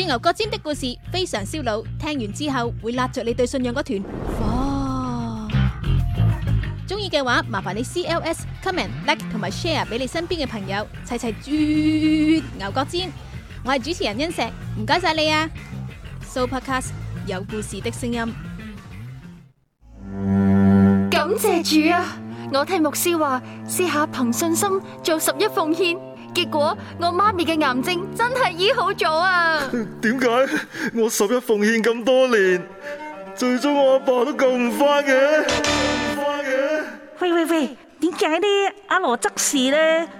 《鑽牛角尖》的故事非常燒腦，聽完之後會撻著你對信仰嗰團火。中意嘅話，麻煩你 C L S comment like 同埋 share 俾你身邊嘅朋友，齊齊鑽牛角尖。我係主持人恩石，唔該晒你啊！Sooopodcast 有故事的聲音，感謝主啊！我聽牧師話，試下憑信心做十一奉獻。結果我媽咪嘅癌症真係醫好咗啊！點解我十一奉獻咁多年，最終我阿爸都救唔返嘅？救唔返嘅！喂喂喂，點解呢阿羅執事呢？啊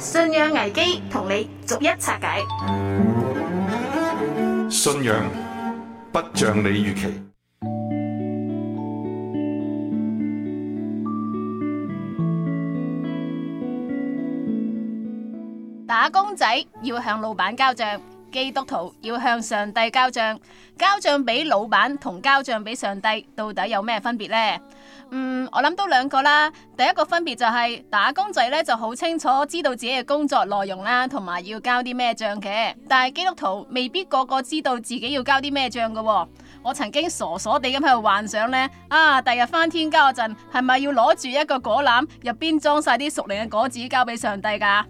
信仰危機同你逐一拆解。信仰不像你預期。打工仔要向老闆交賬，基督徒要向上帝交賬。交賬俾老闆同交賬俾上帝，到底有咩分別呢？嗯，我諗到兩個啦。第一個分別就係、是、打工仔咧就好清楚知道自己嘅工作內容啦，同埋要交啲咩賬嘅。但係基督徒未必個個知道自己要交啲咩賬喎。我曾經傻傻地咁喺度幻想呢：啊，第日返天家嗰陣係咪要攞住一個果籃，入邊裝晒啲熟齡嘅果子交俾上帝噶？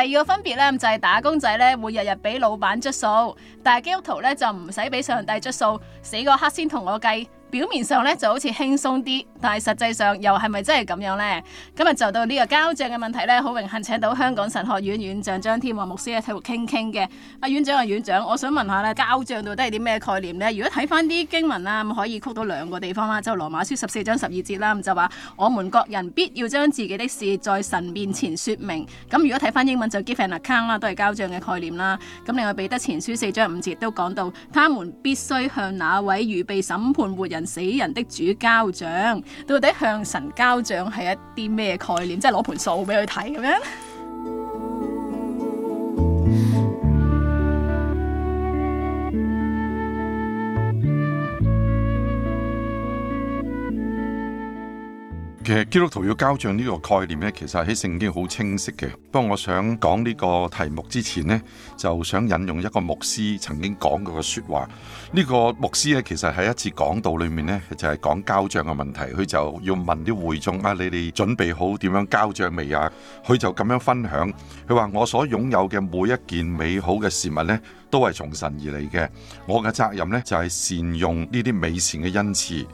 第二個分別呢，就係打工仔呢會日日俾老闆捽數，但係基督徒就唔使俾上帝捽數，死個黑先同我計。表面上咧就好似輕鬆啲，但係實際上又係咪真係咁樣呢？今日就到呢個交賬嘅問題咧，好榮幸請到香港神學院院長張天和牧師咧喺度傾傾嘅。阿、啊、院長啊，院長，我想問下咧，交賬到底係啲咩概念呢？如果睇翻啲經文啦，可以曲到兩個地方啦，就《羅馬書》十四章十二節啦，就話我們各人必要將自己的事在神面前説明。咁如果睇翻英文就 give an account 啊，都係交賬嘅概念啦。咁另外彼得前書四章五節都講到，他們必須向那位預備審判活人。死人的主交賬，到底向神交賬係一啲咩概念？即係攞盤數俾佢睇咁樣。其實基督徒要交賬呢個概念咧，其實喺聖經好清晰嘅。不過我想講呢個題目之前呢，就想引用一個牧師曾經講過嘅說話。呢個牧師咧，其實喺一次講道裏面呢，就係講交賬嘅問題。佢就要問啲會眾啊，你哋準備好點樣交賬未啊？佢就咁樣分享，佢話我所擁有嘅每一件美好嘅事物呢，都係從神而嚟嘅。我嘅責任呢，就係善用呢啲美善嘅恩賜。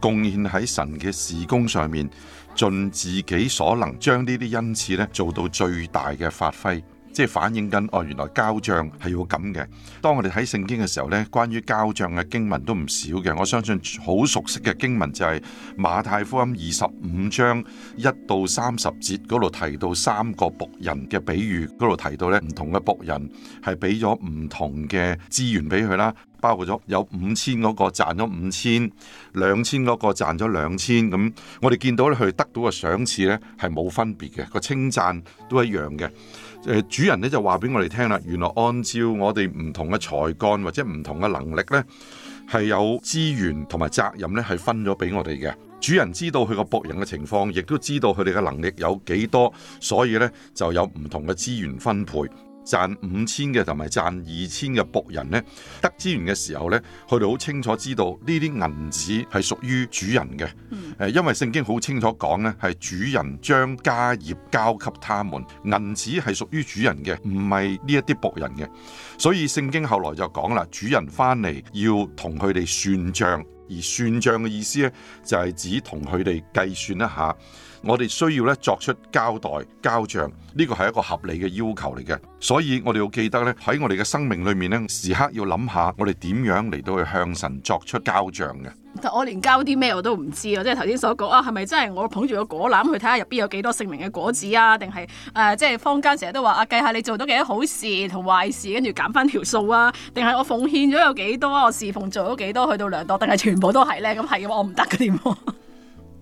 貢獻喺神嘅事工上面，盡自己所能，將呢啲恩賜呢做到最大嘅發揮。即係反映緊哦，原來交帳係要咁嘅。當我哋睇聖經嘅時候呢，關於交帳嘅經文都唔少嘅。我相信好熟悉嘅經文就係馬太福音二十五章一到三十節，嗰度提到三個僕人嘅比喻，嗰度提到呢，唔同嘅僕人係俾咗唔同嘅資源俾佢啦，包括咗有五千嗰個賺咗五千，兩千嗰個賺咗兩千咁。我哋見到佢得到嘅賞賜呢係冇分別嘅，個稱讚都一樣嘅。誒主人咧就話俾我哋聽啦，原來按照我哋唔同嘅才幹或者唔同嘅能力咧，係有資源同埋責任咧係分咗俾我哋嘅。主人知道佢個僕人嘅情況，亦都知道佢哋嘅能力有幾多，所以咧就有唔同嘅資源分配。賺五千嘅同埋賺二千嘅僕人呢，得資源嘅時候呢，佢哋好清楚知道呢啲銀子係屬於主人嘅。誒，因為聖經好清楚講呢係主人將家業交給他們，銀子係屬於主人嘅，唔係呢一啲僕人嘅。所以聖經後來就講啦，主人翻嚟要同佢哋算賬，而算賬嘅意思呢，就係指同佢哋計算一下。我哋需要咧作出交代交帳，呢個係一個合理嘅要求嚟嘅。所以我哋要記得咧喺我哋嘅生命裏面咧，時刻要諗下我哋點樣嚟到去向神作出交帳嘅。但我連交啲咩我都唔知啊！即係頭先所講啊，係咪真係我捧住個果籃去睇下入邊有幾多姓名嘅果子啊？定係誒，即係坊間成日都話啊，計下你做到幾多好事同壞事，跟住減翻條數啊？定係我奉獻咗有幾多,多,多？我侍奉做咗幾多去到兩多？定係全部都係咧？咁係我唔得嘅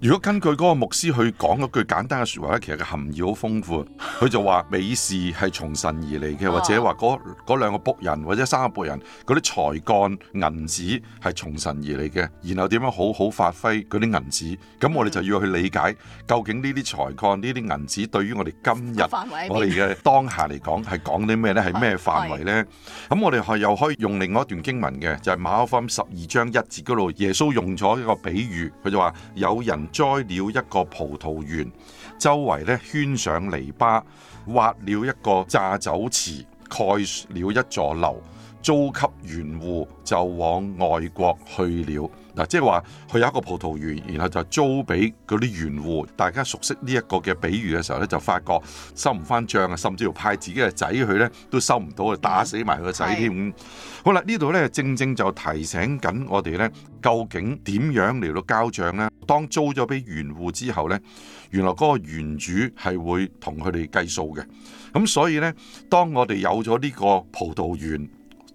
如果根據嗰個牧師去講嗰句簡單嘅説話咧，其實個含義好豐富。佢就話美事係從神而嚟嘅，或者話嗰嗰兩個僕人，或者三個僕人嗰啲才幹銀子係從神而嚟嘅。然後點樣好好發揮嗰啲銀子？咁我哋就要去理解究竟呢啲才幹、呢啲銀子對於我哋今日、我哋嘅當下嚟講係講啲咩呢？係咩範圍呢？咁 我哋係又可以用另外一段經文嘅，就係、是、馬可福音十二章一節嗰度，耶穌用咗一個比喻，佢就話有人，栽了一個葡萄園，周圍咧圈上籬笆，挖了一個榨酒池，蓋了一座樓，租給園戶，就往外國去了。嗱，即係話佢有一個葡萄園，然後就租俾嗰啲園戶。大家熟悉呢一個嘅比喻嘅時候呢就發覺收唔翻帳啊，甚至乎派自己嘅仔去呢都收唔到啊，打死埋個仔添。好啦，呢度呢，正正就提醒緊我哋呢，究竟點樣嚟到交帳呢？當租咗俾園戶之後呢，原來嗰個園主係會同佢哋計數嘅。咁所以呢，當我哋有咗呢個葡萄園，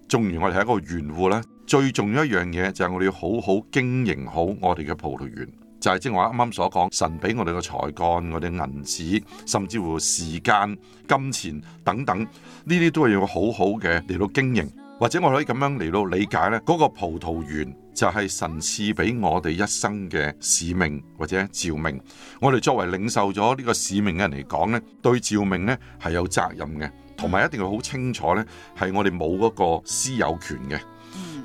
縱然我哋係一個園戶呢。最重要一樣嘢就係我哋要好好經營好我哋嘅葡萄園，就係正係我啱啱所講，神俾我哋嘅才幹、我哋銀紙，甚至乎時間、金錢等等呢啲都係要好好嘅嚟到經營。或者我可以咁樣嚟到理解呢，嗰個葡萄園就係神賜俾我哋一生嘅使命或者召命。我哋作為領受咗呢個使命嘅人嚟講呢，對召命呢係有責任嘅，同埋一定要好清楚呢係我哋冇嗰個私有權嘅。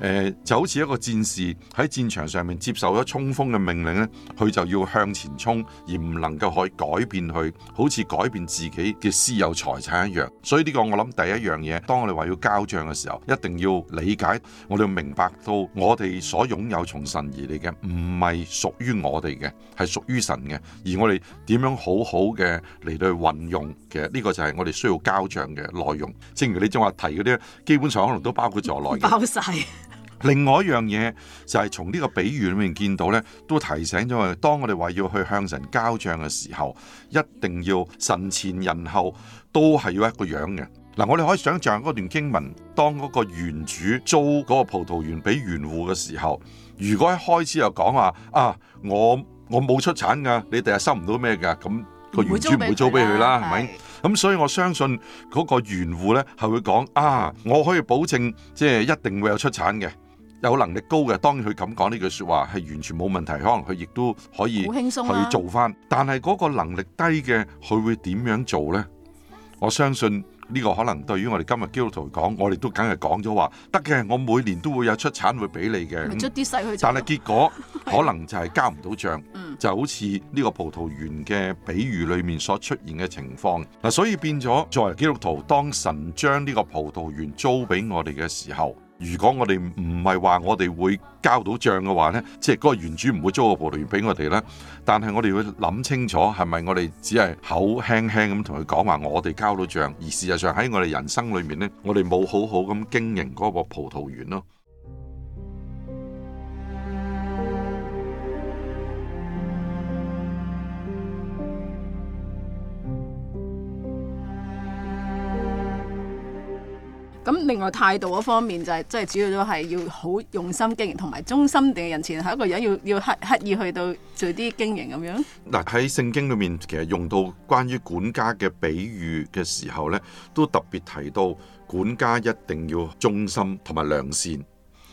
誒、呃、就好似一個戰士喺戰場上面接受咗衝鋒嘅命令呢，佢就要向前衝，而唔能夠可以改變佢，好似改變自己嘅私有財產一樣。所以呢個我諗第一樣嘢，當我哋話要交帳嘅時候，一定要理解，我哋要明白到我哋所擁有從神而嚟嘅，唔係屬於我哋嘅，係屬於神嘅。而我哋點樣好好嘅嚟到去運用嘅，呢、這個就係我哋需要交帳嘅內容。正如你中話提嗰啲，基本上可能都包括咗內容包晒。另外一樣嘢就係從呢個比喻裏面見到呢，都提醒咗我哋。當我哋話要去向神交賬嘅時候，一定要神前人後都係要一個樣嘅。嗱，我哋可以想象嗰段經文，當嗰個園主租嗰個葡萄園俾園戶嘅時候，如果一開始就講話啊，我我冇出產㗎，你哋係收唔到咩㗎，咁個園主唔會租俾佢啦，係咪？咁所以我相信嗰個園戶呢，係會講啊，我可以保證，即係一定會有出產嘅。有能力高嘅，當然佢咁講呢句説話係完全冇問題，可能佢亦都可以好輕鬆去做翻。但係嗰個能力低嘅，佢會點樣做呢？我相信呢個可能對於我哋今日基督徒嚟講，我哋都梗係講咗話得嘅，我每年都會有出產會俾你嘅、嗯。但係結果 是可能就係交唔到賬，就好似呢個葡萄園嘅比喻裏面所出現嘅情況嗱、啊，所以變咗作為基督徒，當神將呢個葡萄園租俾我哋嘅時候。如果我哋唔係話我哋會交到帳嘅話呢，即係嗰個園主唔會租個葡萄園俾我哋啦。但係我哋要諗清楚，係咪我哋只係口輕輕咁同佢講話我哋交到帳，而事實上喺我哋人生裏面呢，我哋冇好好咁經營嗰個葡萄園咯。咁另外態度嗰方面就係，即係主要都係要好用心經營，同埋忠心定嘅人前，係一個人要要刻，刻意去到做啲經營咁樣。嗱，喺聖經裏面其實用到關於管家嘅比喻嘅時候呢，都特別提到管家一定要忠心同埋良善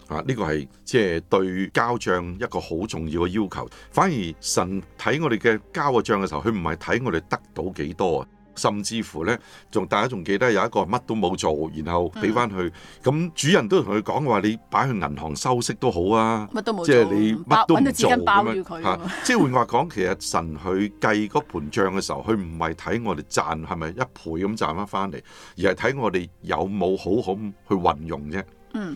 啊！呢個係即係對交帳一個好重要嘅要求。反而神睇我哋嘅交嘅帳嘅時候，佢唔係睇我哋得到幾多啊。甚至乎咧，仲大家仲記得有一個乜都冇做，然後俾翻去。咁、嗯、主人都同佢講話，你擺去銀行收息好都好，就是、啊，乜都冇，即係你乜都唔做咁樣。即係換話講，其實神去計嗰盤帳嘅時候，佢唔係睇我哋賺係咪一倍咁賺翻翻嚟，而係睇我哋有冇好好去運用啫。嗯。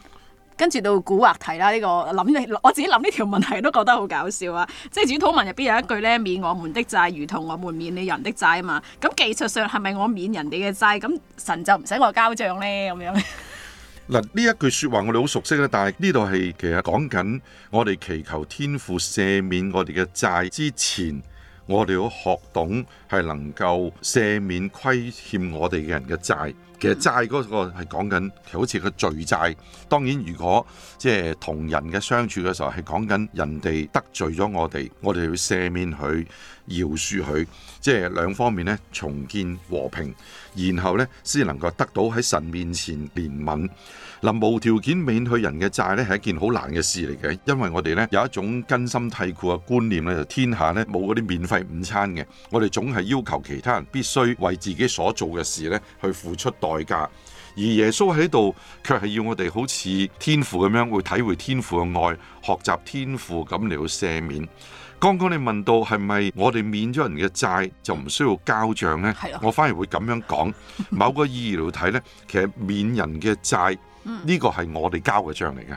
跟住到古惑題啦，呢、這個諗，我自己諗呢條問題都覺得好搞笑啊！即係主禱文入邊有一句呢：「免我們的債，如同我們免了人的債啊嘛。」咁技術上係咪我免人哋嘅債？咁神就唔使我交賬呢。咁樣。嗱，呢一句說話我哋好熟悉咧，但係呢度係其實講緊我哋祈求天父赦免我哋嘅債之前。我哋要學懂係能夠赦免虧欠我哋嘅人嘅債，其實債嗰個係講緊，其實好似個罪債。當然，如果即係同人嘅相處嘅時候係講緊人哋得罪咗我哋，我哋要赦免佢。饒恕佢，即係兩方面咧，重建和平，然後咧，先能夠得到喺神面前憐憫。嗱，無條件免去人嘅債咧，係一件好難嘅事嚟嘅，因為我哋咧有一種根深蒂固嘅觀念咧，就天下咧冇嗰啲免費午餐嘅。我哋總係要求其他人必須為自己所做嘅事咧去付出代價，而耶穌喺度卻係要我哋好似天父咁樣，會體會天父嘅愛，學習天父咁嚟到赦免。剛剛你問到係咪我哋免咗人嘅債就唔需要交帳呢？啊、我反而會咁樣講，某個意義嚟睇呢，其實免人嘅債呢個係我哋交嘅帳嚟嘅，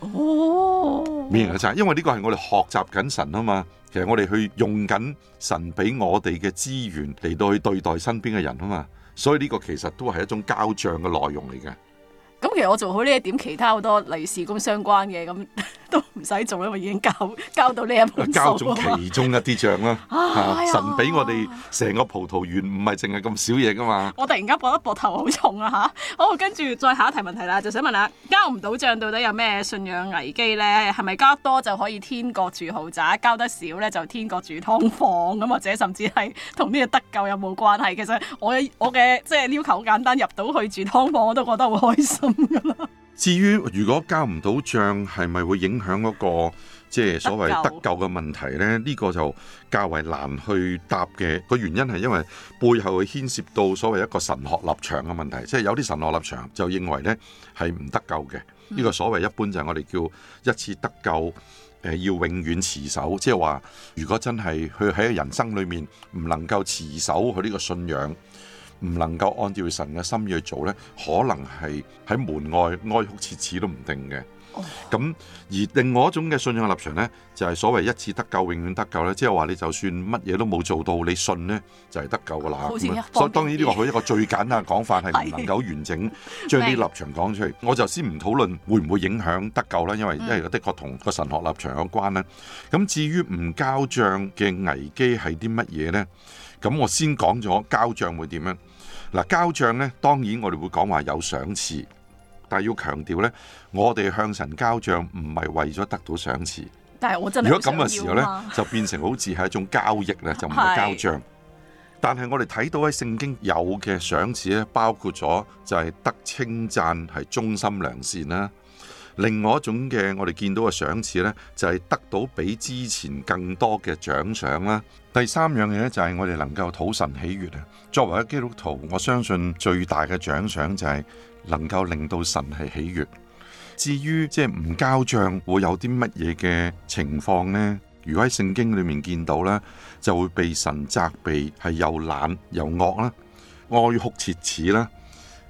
哦。哦，免人嘅債，因為呢個係我哋學習緊神啊嘛。其實我哋去用緊神俾我哋嘅資源嚟到去對待身邊嘅人啊嘛，所以呢個其實都係一種交帳嘅內容嚟嘅。其實我做好呢一點，其他好多利是工相關嘅咁都唔使做，因為我已經交交到呢一步。交咗其中一啲賬啦，神俾我哋成個葡萄園唔係淨係咁少嘢噶嘛。我突然間覺得膊頭好重啊吓！好，跟住再下一題問題啦，就想問下，交唔到賬到底有咩信仰危機咧？係咪交多就可以天國住豪宅，交得少咧就天國住湯房咁，或者甚至係同呢個得救有冇關係？其實我的我嘅即係要求好簡單，入到去住湯房我都覺得好開心。至於如果交唔到賬，係咪會影響嗰、那個即係、就是、所謂得救嘅問題呢？呢、這個就較為難去答嘅個原因係因為背後會牽涉到所謂一個神學立場嘅問題，即、就、係、是、有啲神學立場就認為呢係唔得救嘅。呢、這個所謂一般就係我哋叫一次得救，誒要永遠持守，即係話如果真係佢喺人生裏面唔能夠持守佢呢個信仰。唔能夠按照神嘅心意去做呢，可能係喺門外哀哭切齒都唔定嘅。咁、oh. 而另外一種嘅信仰立場呢，就係、是、所謂一次得救永遠得救呢，即係話你就算乜嘢都冇做到，你信呢就係、是、得救嘅啦。所以當然呢個係一個最簡單嘅講法係唔 能夠完整 將啲立場講出嚟。我就先唔討論會唔會影響得救啦，因為因為的確同個神學立場有關啦。咁、mm. 至於唔交帳嘅危機係啲乜嘢呢？咁我先講咗交帳會點樣。嗱，交賬呢，當然我哋會講話有賞賜，但係要強調呢，我哋向神交賬唔係為咗得到賞賜。但如果咁嘅時候呢，就變成好似係一種交易咧，就唔係交賬。 但係我哋睇到喺聖經有嘅賞賜咧，包括咗就係得稱讚，係忠心良善啦。另外一種嘅我哋見到嘅賞賜呢，就係得到比之前更多嘅獎賞啦。第三樣嘢呢，就係我哋能夠討神喜悅啊。作為基督徒，我相信最大嘅獎賞就係能夠令到神係喜悅。至於即係唔交帳會有啲乜嘢嘅情況呢？如果喺聖經裡面見到呢，就會被神責備，係又懶又惡啦，哀哭切齒啦。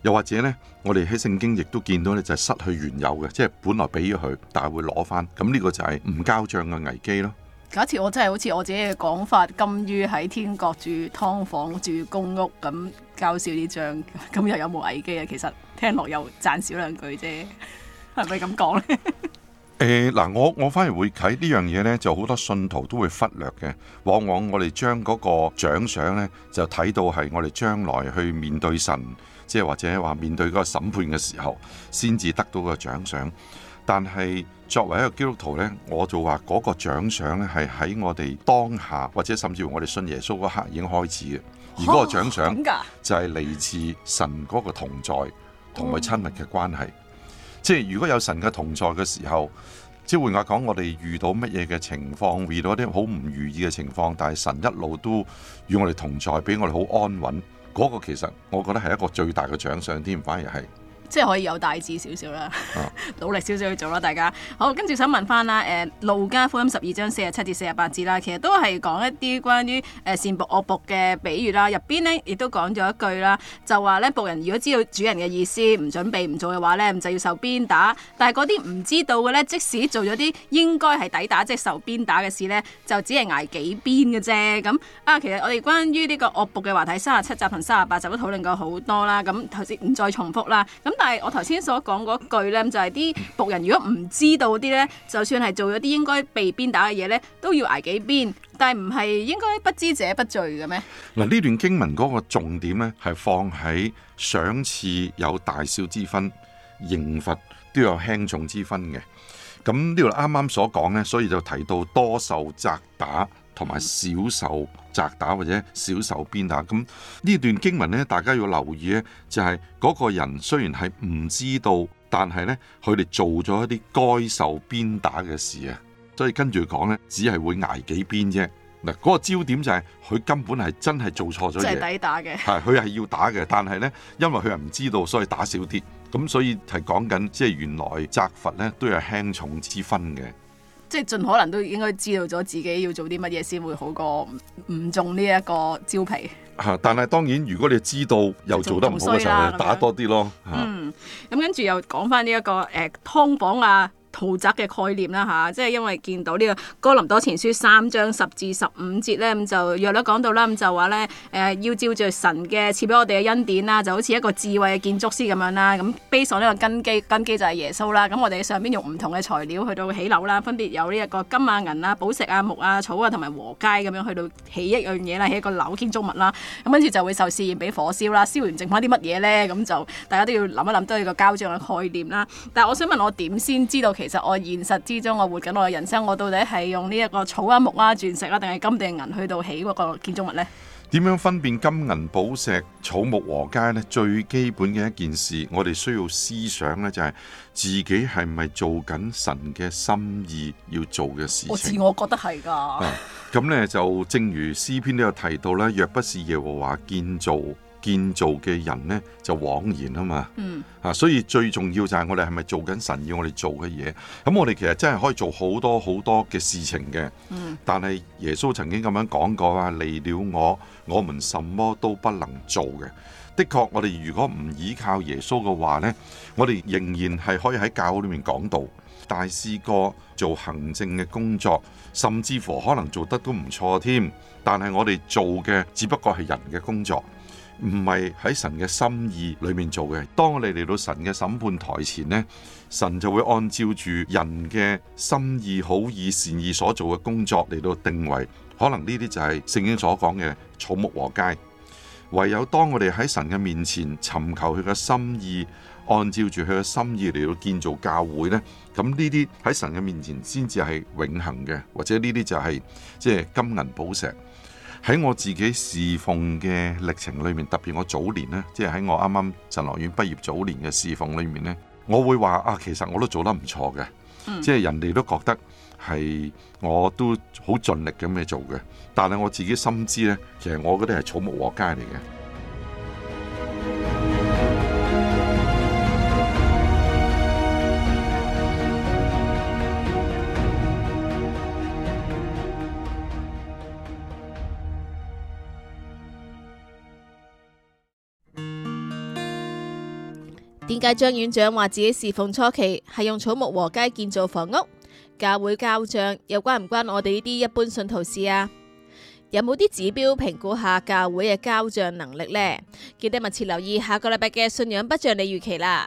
又或者呢，我哋喺聖經亦都見到呢就係、是、失去原有嘅，即係本來俾咗佢，但係會攞返。咁呢個就係唔交賬嘅危機咯。假設我真係好似我自己嘅講法，甘於喺天國住劏房住公屋咁交少啲賬，咁又有冇危機啊？其實聽落又讚少兩句啫，係咪咁講呢？誒、 欸，嗱、呃，我我反而會睇呢樣嘢呢，就好多信徒都會忽略嘅。往往我哋將嗰個獎賞呢，就睇到係我哋將來去面對神。即係或者話面對嗰個審判嘅時候，先至得到個獎賞。但係作為一個基督徒呢，我就話嗰個獎賞呢係喺我哋當下或者甚至乎我哋信耶穌嗰刻已經開始嘅。而嗰個獎賞就係嚟自神嗰個同在同佢親密嘅關係。即係如果有神嘅同在嘅時候，即係換句話講，我哋遇到乜嘢嘅情況，遇到啲好唔如意嘅情況，但係神一路都與我哋同在，俾我哋好安穩。嗰個其實我覺得係一個最大嘅獎賞添，反而係。即係可以有大志少少啦， 努力少少去做啦，大家好。跟住想問翻啦，誒、呃《路加福音》十二章四十七至四十八節啦，其實都係講一啲關於誒善僕惡僕嘅比喻啦。入邊呢，亦都講咗一句啦，就話呢，僕人如果知道主人嘅意思，唔準備唔做嘅話呢，就就要受鞭打。但係嗰啲唔知道嘅呢，即使做咗啲應該係抵打即係受鞭打嘅事呢，就只係挨幾鞭嘅啫。咁啊，其實我哋關於呢個惡僕嘅話題，三十七集同三十八集都討論過好多啦。咁頭先唔再重複啦。咁。係我頭先所講嗰句咧，就係啲僕人如果唔知道啲咧，就算係做咗啲應該被鞭打嘅嘢咧，都要挨幾鞭。但係唔係應該不知者不罪嘅咩？嗱，呢段經文嗰個重點咧，係放喺賞賜有大小之分，刑罰都有輕重之分嘅。咁呢度啱啱所講咧，所以就提到多受責打。同埋少受責打或者少受鞭打，咁呢段經文呢，大家要留意呢，就係、是、嗰個人雖然係唔知道，但係呢，佢哋做咗一啲該受鞭打嘅事啊，所以跟住講呢，只係會挨幾鞭啫。嗱，嗰、那個焦點就係、是、佢根本係真係做錯咗嘢，係、就、抵、是、打嘅，係佢係要打嘅，但係呢，因為佢係唔知道，所以打少啲。咁所以係講緊，即係原來責罰呢，都有輕重之分嘅。即係盡可能都應該知道咗自己要做啲乜嘢，先會好過唔中呢一個招牌。吓、啊，但係當然如果你知道又做得唔好嘅時候，打多啲咯、啊。嗯，咁跟住又講翻呢一個誒、劏、欸、房啊。陶喆嘅概念啦嚇，即係因為見到呢個《哥林多前書》三章十至十五節呢，咁就約略講到啦，咁就話呢，誒、呃、要照住神嘅賜俾我哋嘅恩典啦，就好似一個智慧嘅建築師咁樣啦，咁築上呢個根基，根基就係耶穌啦，咁我哋上邊用唔同嘅材料去到起樓啦，分別有呢一個金啊銀啊寶石啊木啊草啊同埋禾秸咁樣去到起一樣嘢啦，起一個樓建築物啦，咁跟住就會受試驗俾火燒啦，燒完剩翻啲乜嘢呢？咁就大家都要諗一諗，都係個交帳嘅概念啦。但係我想問我點先知道其實我現實之中，我活緊我嘅人生，我到底係用呢一個草啊木啊鑽石啦、啊，定係金定銀去到起嗰個建築物呢？點樣分辨金銀寶石、草木和街呢？最基本嘅一件事，我哋需要思想呢，就係、是、自己係咪做緊神嘅心意要做嘅事情？我自我覺得係噶。咁 呢、嗯，就正如詩篇都有提到咧，若不是耶和華建造。建造嘅人呢，就枉然啊嘛，嗯啊，所以最重要就係我哋係咪做緊神要我哋做嘅嘢？咁我哋其實真係可以做好多好多嘅事情嘅，嗯。但係耶穌曾經咁樣講過啊，離了我，我們什麼都不能做嘅。的確，我哋如果唔依靠耶穌嘅話呢，我哋仍然係可以喺教會裏面講道，大試過，做行政嘅工作，甚至乎可能做得都唔錯添。但係我哋做嘅只不過係人嘅工作。唔係喺神嘅心意裏面做嘅。當我哋嚟到神嘅審判台前呢，神就會按照住人嘅心意、好意、善意所做嘅工作嚟到定位。可能呢啲就係聖經所講嘅草木禾秸。唯有當我哋喺神嘅面前尋求佢嘅心意，按照住佢嘅心意嚟到建造教會呢，咁呢啲喺神嘅面前先至係永恆嘅，或者呢啲就係即係金銀寶石。喺我自己侍奉嘅歷程裏面，特別我早年咧，即係喺我啱啱神學院畢業早年嘅侍奉裏面呢，我會話啊，其實我都做得唔錯嘅，即、嗯、係、就是、人哋都覺得係我都好盡力咁嘅做嘅，但係我自己深知呢，其實我嗰啲係草木和街嚟嘅。張院長話自己侍奉初期係用草木禾稭建造房屋，教會交賬又關唔關我哋呢啲一般信徒事啊？有冇啲指標評估下教會嘅交賬能力呢？記得密切留意下個禮拜嘅信仰不像你預期啦。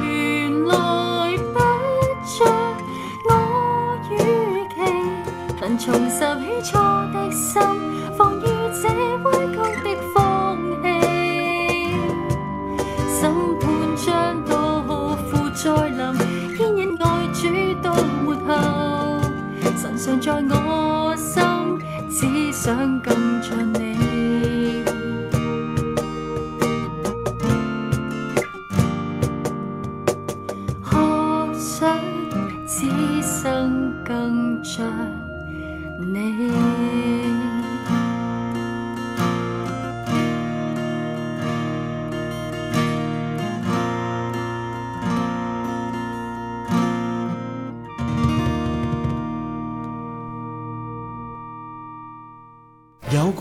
拾起初的心，放於這彎曲的風氣。審判將到負再臨，牽引愛主到末後。神常在我心，只想更像你。